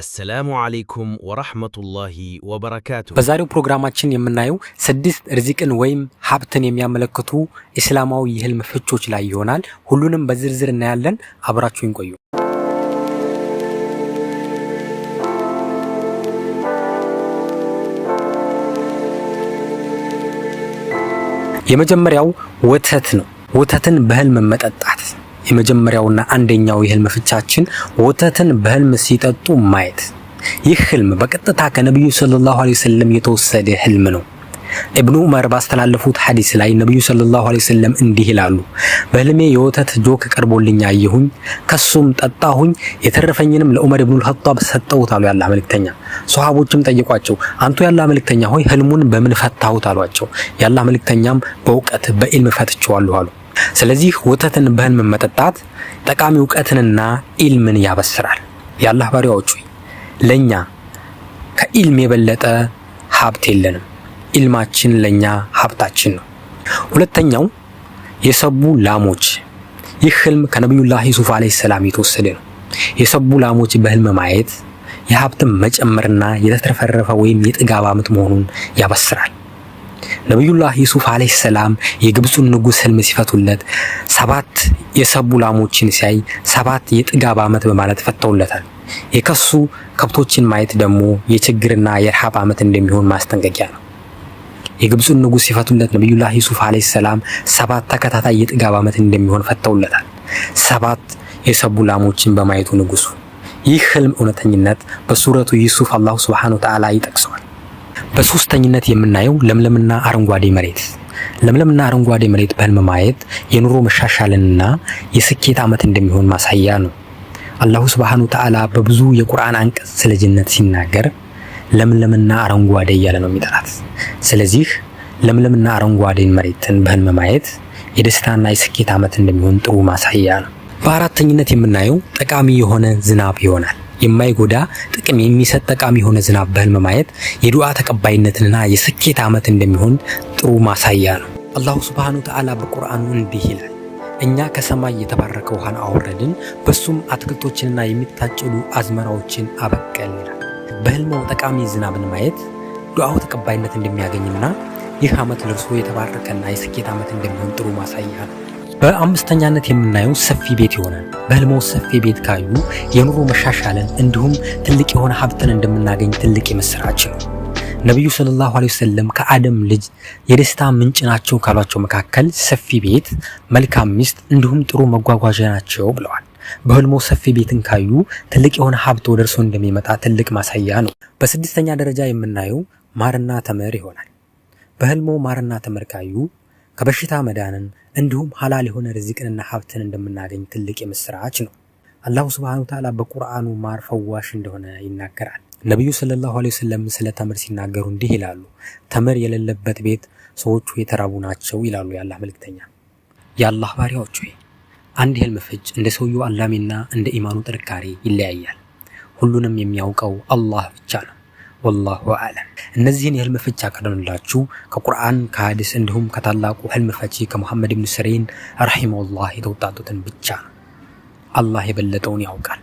አሰላሙ ዓለይኩም ወራህመቱላሂ ወበረካቱ። በዛሬው ፕሮግራማችን የምናየው ስድስት ርዚቅን ወይም ሀብትን የሚያመለክቱ ኢስላማዊ የህልም ፍቾች ላይ ይሆናል። ሁሉንም በዝርዝር እናያለን። አብራችሁን ቆዩ። የመጀመሪያው ወተት ነው። ወተትን በህልም መጠጣት የመጀመሪያውና አንደኛው የህልም ፍቻችን ወተትን በህልም ሲጠጡ ማየት። ይህ ህልም በቀጥታ ከነቢዩ ሰለላሁ ዐለይሂ ወሰለም የተወሰደ ህልም ነው። ኢብኑ ዑመር ባስተላለፉት ሐዲስ ላይ ነቢዩ ሰለላሁ ዐለይሂ ወሰለም እንዲህ ይላሉ፣ በህልሜ የወተት ጆክ ቀርቦልኝ አየሁኝ፣ ከሱም ጠጣሁኝ፣ የተረፈኝንም ለዑመር ኢብኑል አልኸጣብ ሰጠሁት አሉ ያላህ መልክተኛ። ሶሐቦችም ጠይቋቸው፣ አንቱ ያላህ መልክተኛ ሆይ ህልሙን በምን ፈታሁት አሏቸው። ያላህ መልእክተኛም በእውቀት በኢልም ፈትቼዋለሁ አሉ። ስለዚህ ወተትን በህልም መጠጣት ጠቃሚ እውቀትንና ኢልምን ያበስራል። የአላህ ባሪያዎች ሆይ ለእኛ ከኢልም የበለጠ ሀብት የለንም። ኢልማችን ለእኛ ሀብታችን ነው። ሁለተኛው የሰቡ ላሞች። ይህ ህልም ከነቢዩላህ ዩሱፍ ዓለይሂ ሰላም የተወሰደ ነው። የሰቡ ላሞች በህልም ማየት የሀብትን መጨመርና የተትረፈረፈ ወይም የጥጋብ ዓመት መሆኑን ያበስራል። ነቢዩላህ ዩሱፍ አለይሂ ሰላም የግብፁን ንጉስ ህልም ሲፈቱለት ሰባት የሰቡ ላሞችን ሲያይ ሰባት የጥጋብ ዓመት በማለት ፈተውለታል። የከሱ ከብቶችን ማየት ደግሞ የችግርና የረሃብ ዓመት እንደሚሆን ማስጠንቀቂያ ነው። የግብፁን ንጉስ ሲፈቱለት ነቢዩላህ ዩሱፍ አለይሂ ሰላም ሰባት ተከታታይ የጥጋብ ዓመት እንደሚሆን ፈተውለታል። ሰባት የሰቡ ላሞችን በማየቱ ንጉሱ ይህ ህልም እውነተኝነት በሱረቱ ዩሱፍ አላሁ ስብሓነሁ ወተዓላ ይጠቅሰዋል። በሶስተኝነት የምናየው ለምለምና አረንጓዴ መሬት። ለምለምና አረንጓዴ መሬት በህልም ማየት የኑሮ መሻሻልንና የስኬት ዓመት እንደሚሆን ማሳያ ነው። አላሁ ስብሓኑ ተዓላ በብዙ የቁርአን አንቀጽ ስለ ጀነት ሲናገር ለምለምና አረንጓዴ እያለ ነው የሚጠራት። ስለዚህ ለምለምና አረንጓዴን መሬትን በህልም ማየት የደስታና የስኬት ዓመት እንደሚሆን ጥሩ ማሳያ ነው። በአራተኝነት የምናየው ጠቃሚ የሆነ ዝናብ ይሆናል። የማይጎዳ ጥቅም የሚሰጥ ጠቃሚ የሆነ ዝናብ በህልም ማየት የዱዓ ተቀባይነትንና የስኬት ዓመት እንደሚሆን ጥሩ ማሳያ ነው። አላሁ ስብሓነሁ ወተዓላ በቁርአኑ እንዲህ ይላል፣ እኛ ከሰማይ የተባረከ ውሃን አወረድን፣ በሱም አትክልቶችንና የሚታጨዱ አዝመራዎችን አበቀል ይላል። በህልመው ጠቃሚ ዝናብን ማየት ዱዓው ተቀባይነት እንደሚያገኝና ይህ ዓመት ለእርሱ የተባረከና የስኬት ዓመት እንደሚሆን ጥሩ ማሳያ ነው። በአምስተኛነት የምናየው ሰፊ ቤት ይሆናል። በህልሞ ሰፊ ቤት ካዩ የኑሮ መሻሻልን እንዲሁም ትልቅ የሆነ ሀብትን እንደምናገኝ ትልቅ የምስራች ነው። ነቢዩ ሰለላሁ ዐለይሂ ወሰለም ከአደም ልጅ የደስታ ምንጭ ናቸው ካሏቸው መካከል ሰፊ ቤት፣ መልካም ሚስት እንዲሁም ጥሩ መጓጓዣ ናቸው ብለዋል። በህልሞ ሰፊ ቤትን ካዩ ትልቅ የሆነ ሀብት ወደ እርሶ እንደሚመጣ ትልቅ ማሳያ ነው። በስድስተኛ ደረጃ የምናየው ማርና ተምር ይሆናል። በህልሞ ማርና ተምር ካዩ ከበሽታ መዳንን እንዲሁም ሐላል የሆነ ርዝቅንና ሀብትን እንደምናገኝ ትልቅ የምስራች ነው። አላሁ ስብሐነ ወተዓላ በቁርአኑ ማር ፈዋሽ እንደሆነ ይናገራል። ነቢዩ ሰለላሁ ዐለይሂ ወሰለም ስለ ተምር ሲናገሩ እንዲህ ይላሉ፣ ተምር የሌለበት ቤት ሰዎቹ የተራቡ ናቸው ይላሉ የአላህ መልክተኛ የአላህ ባሪያዎች ሆይ አንድ ህልም ፍች እንደ ሰውየው አላሚና እንደ ኢማኑ ጥንካሬ ይለያያል። ሁሉንም የሚያውቀው አላህ ብቻ ነው። ወላሁ አለም እነዚህን የህልም ፍች ያቀረብንላችሁ ከቁርአን ከሀዲስ እንዲሁም ከታላቁ ህልም ፈቺ ከሙሐመድ ብን ስሬን ረሒመሁላህ የተወጣጡትን ብቻ አላህ የበለጠውን ያውቃል።